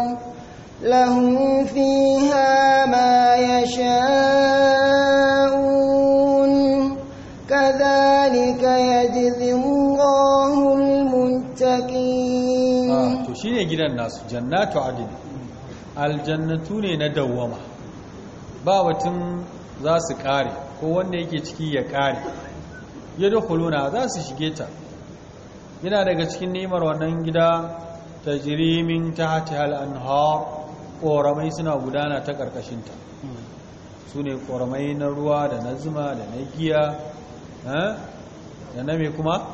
لهم فيها ما يشاءون كذلك يجزي الله المتقين آه. تشيني جدا الناس جنات عدن aljannatu ne na dawwama ba batun za su kare ko wanda yake ciki ya kare ya dukuluna za su shige ta yana daga cikin nemar wannan gida ta jirimin ta hati hal'anha ƙoramai suna gudana ta ƙarƙashinta su ne ƙoramai na ruwa da na zuma da na giya da na mai kuma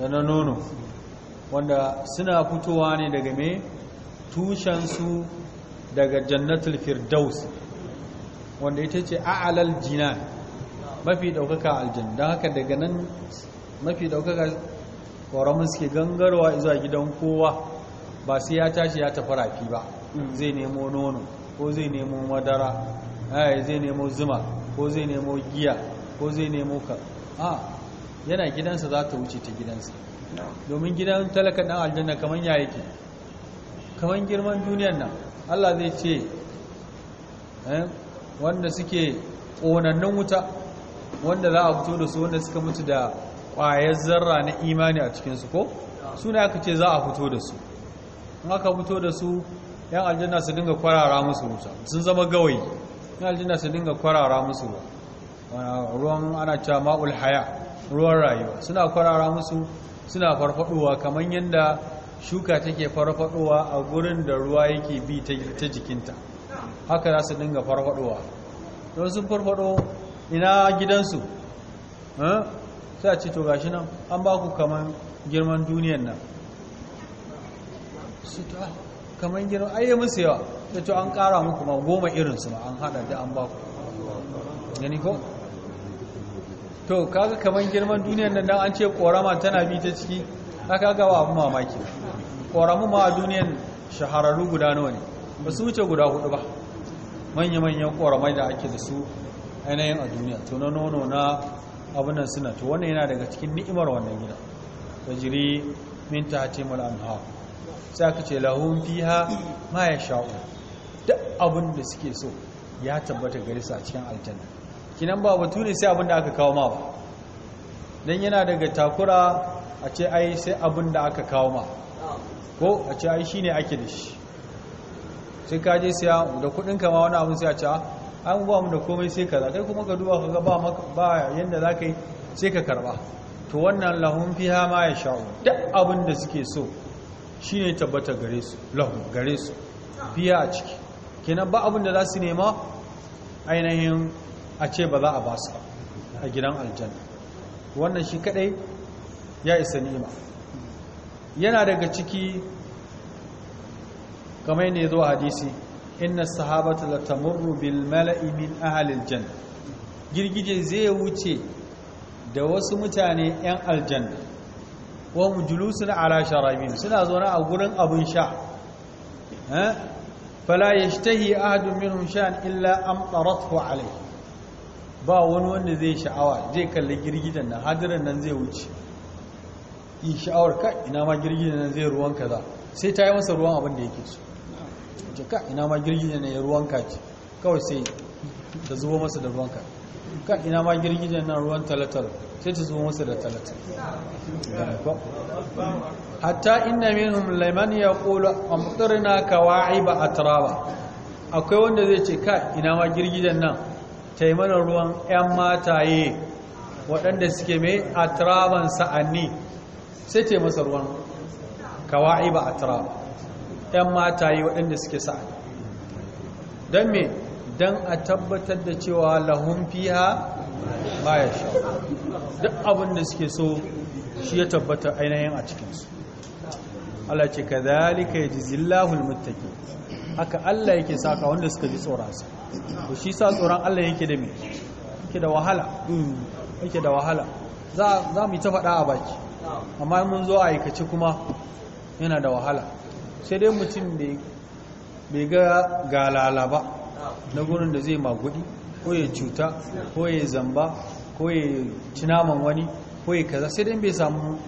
da na nono wanda suna fitowa ne daga mai tushensu daga jannatul firdaus wanda ita ce a'alal jinan mafi daukaka aljanna don haka daga nan mafi daukaka ƙoramun suke gangarwa zuwa gidan kowa ba sai ya tashi ya tafi rafi ba zai nemo nono ko zai nemo madara eh, zai nemo zuma ko zai nemo giya ko zai nemo ka a yana gidansa za ta wuce ta gidansa domin gidan talaka ɗan aljanna kamar ya yake kamar girman duniyar nan Allah zai ce eh, wanda suke ƙonannin wuta wanda za a fito da su wanda suka mutu da ƙwayar zarra na imani a cikinsu ko suna aka ce za a fito da su in aka fito da su yan aljanna su dinga kwarara musu wuta sun zama gawayi yan aljanna su dinga kwarara musu ruwan ana cewa ma'ul haya ruwan rayuwa suna kwarara musu suna farfaduwa kamar yadda shuka take farfadowa a gurin da ruwa yake bi ta jikinta haka za su dinga farfadowa don sun farfado ina gidansu sai a ce to gashi nan an ba ku kaman girman duniyan nan su ta ah, kaman girman ayyar musu yawa ta to an kara muku ma goma irinsu ma an hada da an ba ku gani ko to kaga kaman girman duniyan nan an ce korama tana bi ta ciki haka gawa abu mamaki ƙoramu ma a duniyan shahararru guda nawa ne ba su wuce guda hudu ba manya-manyan ƙoramai da ake da su ainihin a duniya to na nono na abinan suna to wannan yana daga cikin ni'imar wannan gida ta jiri min ta hatimul anha sai aka ce lahun fiha ma ya sha'u duk abin da suke so ya tabbata garisa cikin aljanna kinan ba batu ne sai abin da aka kawo ma ba don yana daga takura a ce ai sai abin da aka kawo ma ko a ce ai shine ake da shi sai ka je siya da kudin ka ma wani abun sai a ce an ah, ba mu da komai sai kaza kai kuma ka duba kaga ba ba yanda zaka yi sai ka karba to wannan lahum fiha ma ya sha'u duk abin da suke so shine tabbata gare su lahum gare su fiya a ciki kenan ba abin da za su nema ainihin a ce ba za a ba su a gidan aljanna wannan shi kadai ya isa ni'ima yana daga ciki kamar ne zuwa hadisi inna sahabata la tamurru bil mala'i min ahli aljanna girgije zai wuce da wasu mutane yan aljanna wa mujlusun ala sharabin suna zaune a gurin abun sha eh? fala yashtahi ahadu minhum shan illa amtarathu alayhi ba wani wanda zai sha'awa zai kalli girgidan nan hadirin nan zai wuce yi sha'awar ka ina ma girgi nan zai ruwan kaza sai ta yi masa ruwan abin da yake so ce ka ina ma girgi nan ya ruwan ce kawai sai ta zubo masa da ruwan ka ka ina ma girgi nan ruwan talatar sai ta zubo masa da talatar hatta inna minhum liman yaqulu amtirna kawa'iba atraba akwai wanda zai ce ka ina ma girgijen nan ta yi mana ruwan 'yan mataye waɗanda suke mai a turaban sa'anni sai ce masa ruwan kawai ba a tara ɗan mata yi waɗanda suke sa'a don me don a tabbatar da cewa lahun fiya ba ya sha duk abin da suke so shi ya tabbata ainihin a cikinsu Allah ce ka zalika ya ji zillahun mutake haka Allah yake saka wanda suka ji tsoransa ba shi sa tsoron Allah yake da me yake da wahala hmm, za mu yi ta faɗa a baki amma mun zo a aikace kuma yana da wahala sai dai mutum bai ga galala ba na gurin da zai magudi ko ya cuta ko ya zamba ko ya cinaman wani ko ya kaza sai dai bai samu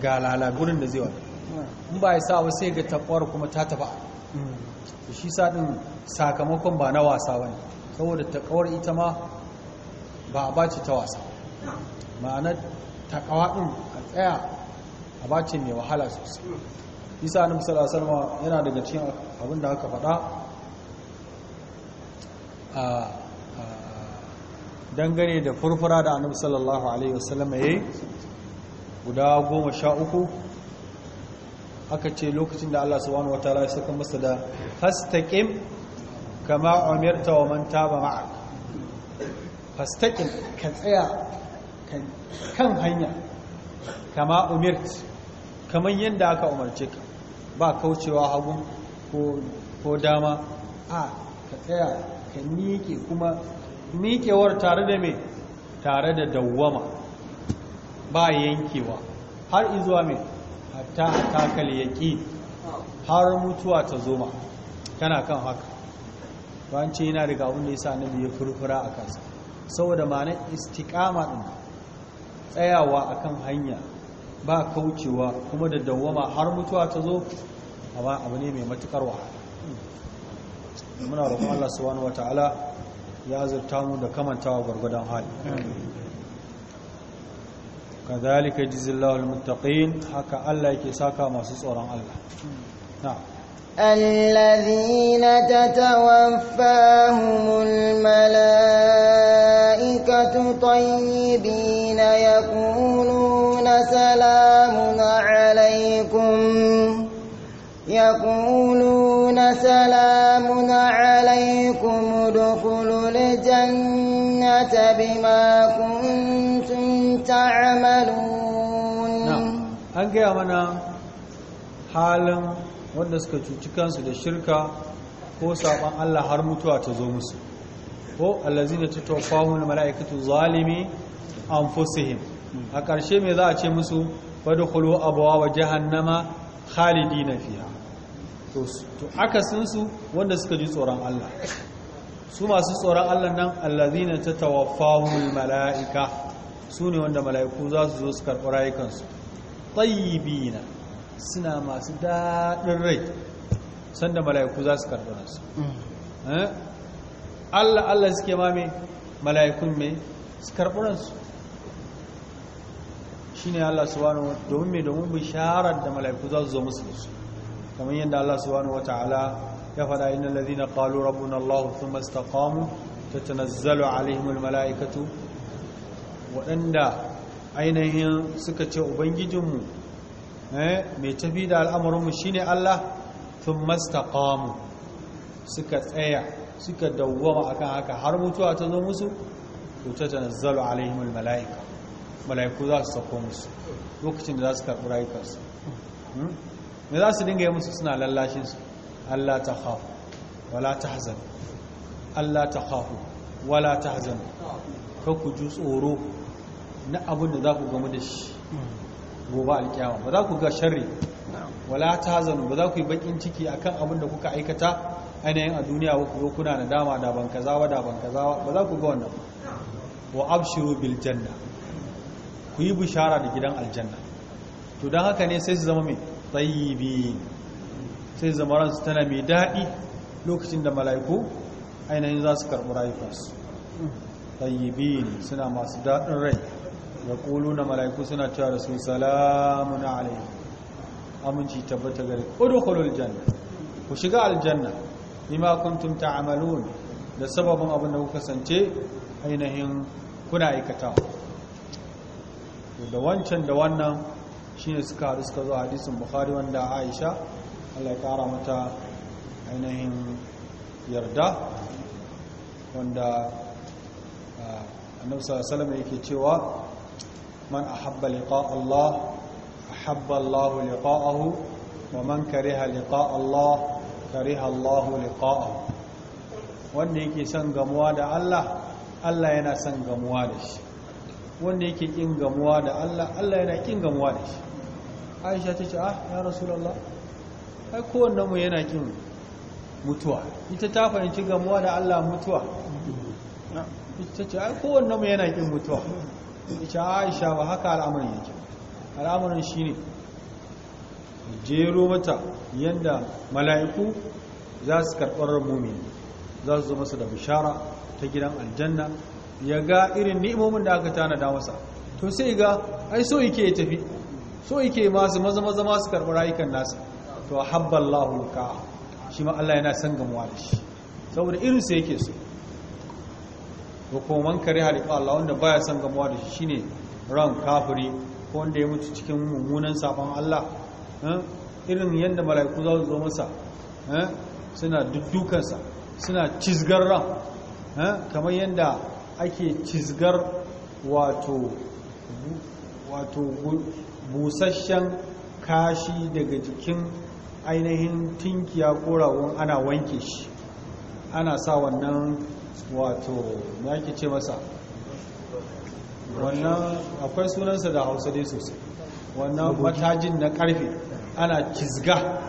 galala gurin da zai wata in ba ya sa wasu ya ga tabbawar kuma ta tafa da shi ɗin sakamakon ba na wasa ba ne saboda taƙawar ita ma ba a bace ta wasa ma'ana takawa ɗin. tsaya a bace mai wahala sosai isa na sallallahu alaihi yana daga cikin abin da aka faɗa a dangane da furfura da annabi sallallahu alaihi wasallam yayi guda goma sha uku aka ce lokacin da Allah subhanahu wataala ya saka masa da fastaqim kama umirta wa man taba ma'ak fastaqim ka tsaya kan hanya kama umirt kamar yadda aka umarce ka ba kaucewa hagu ko dama a ka tsaya ka miƙe kuma miƙewar tare da mai tare da dawwama ba yankewa har izuwa mai hatta takal yaƙi har mutuwa ta zoma Tana kan haka Wancan yana daga abin da ya sa annabi ya furfura a kansa saboda ma'anar istiƙama ɗin tsayawa akan hanya ba kaucewa kuma da dawwama har mutuwa ta zo amma abu ne mai matukar wahala muna roƙon Allah subhanahu wataala ya azurta mu da kamantawa gwargwadon hali kadhalika jazallahu almuttaqin haka Allah yake saka masu tsoron Allah الذين تتوفاهم الملائكة طيبين يقولون سَلَامٌ عَلَيْكُمْ يَقُولُونَ سَلَامٌ عَلَيْكُمْ ادخلوا الْجَنَّةَ بِمَا كنتم تَعْمَلُونَ نعم gaya mana حالا wanda suka cuci kansu da shirka ko saban Allah har mutuwa ta zo musu ko allazina tatawafahum malaikatu zalimi anfusihim a ƙarshe me za a ce musu fadkhulu abwaaba jahannama khalidina fiya? to to akasin su wanda suka ji tsoron Allah su masu tsoron Allah nan allazina tatawaffahumul malaika su ne wanda mala'iku za su zo su karɓi rayukansu tayyibina suna masu daɗin rai sanda mala'iku za su karɓi nasu mm. eh? Allah Allah suke ma mai mala'ikun mai su karɓi nasu shine Allah subhanahu wataala domin me domin bisharar da mala'iku za su zo musu su kamar yadda Allah subhanahu wataala ya faɗa innal ladhina qalu rabbuna Allah thumma istaqamu tatanazzalu alaihimul mala'ikatu waɗanda ainihin suka ce ubangijinmu eh, me tafi da al'amuranmu shine Allah thumma istaqamu suka tsaya suka dawwama akan haka har mutuwa ta zo musu to tatanazzalu alaihimul mala'ikatu mala'iku za su sako musu lokacin da za su karɓi rayukansu hmm? me za su dinga yi musu suna lallashinsu Allah ta hafu wala ta hazan Allah ta hafu wala ta hazanu ku ji tsoro na abin da za ku gama da shi gobe alkyawa ba za ku ga shari wala ta hazan ba za ku yi bakin ciki akan abin da kuka aikata ainihin a duniya ku zo kuna dama da ban kaza da ban ba za ku ga wannan wa abshiru biljanna ku yi bishara da gidan aljanna to don haka ne sai su zama mai tsayibi sai zama ransu tana mai daɗi lokacin da mala'iku ainihin za su karɓi rayukansu tsayibi suna masu daɗin rai da ƙulu na mala'iku suna cewa da su salamun alaihi aminci tabbata gari kwallo aljanna. ku shiga aljanna ni nima kuntum amalu da sababin abin da kuka sance ainihin kuna aikatawa to da wancan da wannan shine suka haɗu suka zo hadisin bukhari wanda aisha allah ya mata ainihin yarda wanda annabi sallallahu alaihi yake cewa man ahabba liqa Allah ahabba Allah liqa'ahu wa man kariha liqa Allah kariha Allah liqa'ahu wanda yake son gamuwa da Allah Allah yana son gamuwa da shi wanda yake kin gamuwa da Allah Allah yana kin gamuwa da shi Aisha ta ce ah ya rasulullah ai kowanne mu yana kin mutuwa ita ta fahimci gamuwa da Allah mutuwa ita ce ai kowanne mu yana kin mutuwa ita Aisha ba haka al'amarin yake al'amarin shine jero mata yanda mala'iku za su karɓar mumini za su zo masa da bishara ta gidan aljanna ya ga irin ni'imomin da aka tanada masa to sai ga ai so yake ya tafi so yake masu maza maza masu karɓi rayukan nasa to habballahu ka shi ma Allah yana san gamuwa da shi saboda irin sai yake so ko kuma man kare halifa Allah wanda baya san gamuwa da shi shine ran kafiri ko wanda ya mutu cikin mummunan sabon Allah eh, irin yadda mala'iku za su zo masa eh, suna duddukansa, suna cizgar ran eh, kamar yadda ake cizgar wato wato busasshen kashi daga jikin ainihin tinkiya ko ragon ana wanke shi ana sa wannan wato ya ke ce masa wannan akwai sunansa da hausa dai sosai wannan matajin na karfe ana cizga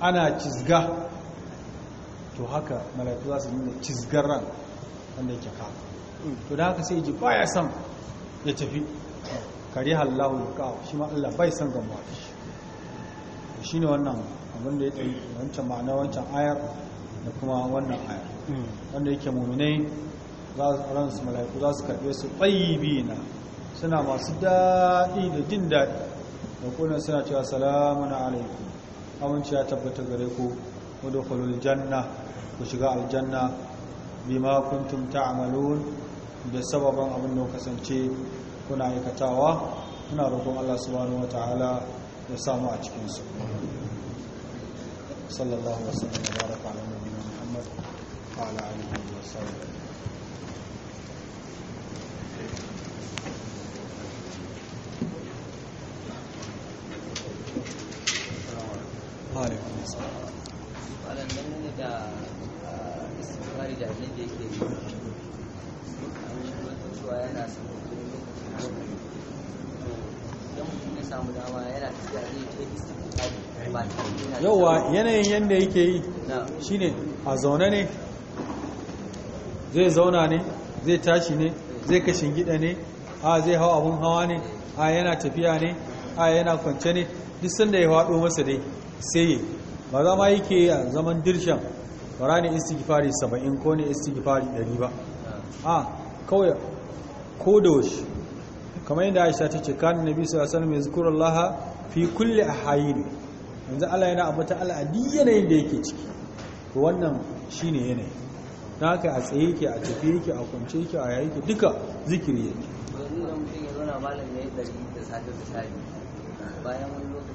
ana cizga to haka malafi za su yi cizgar ran wanda yake ka hmm. to da haka sai ji baya san ya tafi kare hallahu kawo shi ma Allah bai san gamuwa shi shi ne wannan abin da ya ɗari wancan ma'ana wancan ayar da kuma wannan ayar hmm. wanda yake muminai ran su mala'iku za su karbe su tsayi na suna masu daɗi da jin daɗi da kunan suna cewa salamun alaikum aminci ya tabbata gare ku wadda janna ku shiga aljanna bima kuntum ta'malun da sababan abin da kasance kuna aikatawa muna roƙon Allah subhanahu wataala ya samu a cikin su sallallahu alaihi wa sallam baraka ala nabiyina muhammad ala alihi wa yauwa dama yana ta yanayin yanda yake yi shine a zaune ne zai zauna ne zai tashi ne zai kashin gida ne a zai hau abun hawa ne a yana tafiya ne a yana kwance ne duk sanda ya faɗo masa dai sai yi ba za ma yake a zaman dirshan ba ne istighfari 70 ko ne istighfari 100 ba a kawai ko da kamar yadda aisha ta ce kan nabi sallallahu alaihi wasallam yazkurullaha fi kulli ahayini yanzu Allah yana abu Allah a duk yanayin da yake ciki to wannan shine yanayi dan haka a tsaye yake a tafi yake a kwance yake a yayi duka zikiri yake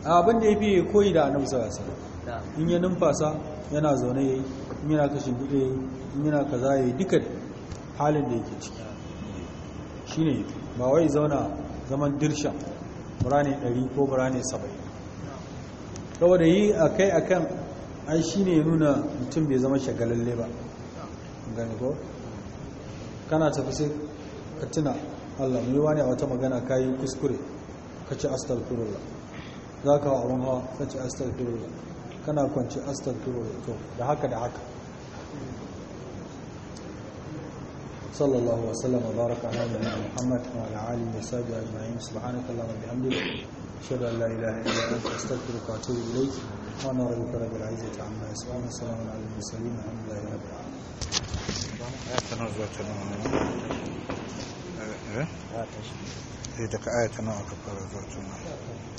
abin da ya fiye koyi da annabi sallallahu alaihi wasallam in ya numfasa yana zaune yayi in yana kashin duka yayi in yana kaza yayi duka halin da yake ciki shi ne ba wai zauna zaman dirshan burane 100 ko burane 70 saboda yi a kan akan shi ne nuna mutum bai zama shagalalle ba gani ko kana tafi sai ka tuna Allah mai wani a wata magana kayi kuskure ka ci astar turula za ka wa abin hawa ka ci astar turula kana kwanci astaghfirullah to da haka da haka صلى الله وسلم وبارك على نبينا محمد وعلى اله وصحبه اجمعين سبحانك اللهم وبحمدك اشهد ان لا اله الا انت استغفرك واتوب اليك وانا ربك رب العزه عما يصفون وسلام على المرسلين الحمد لله رب العالمين. Evet. Evet. Evet. ايه Evet. Evet. Evet.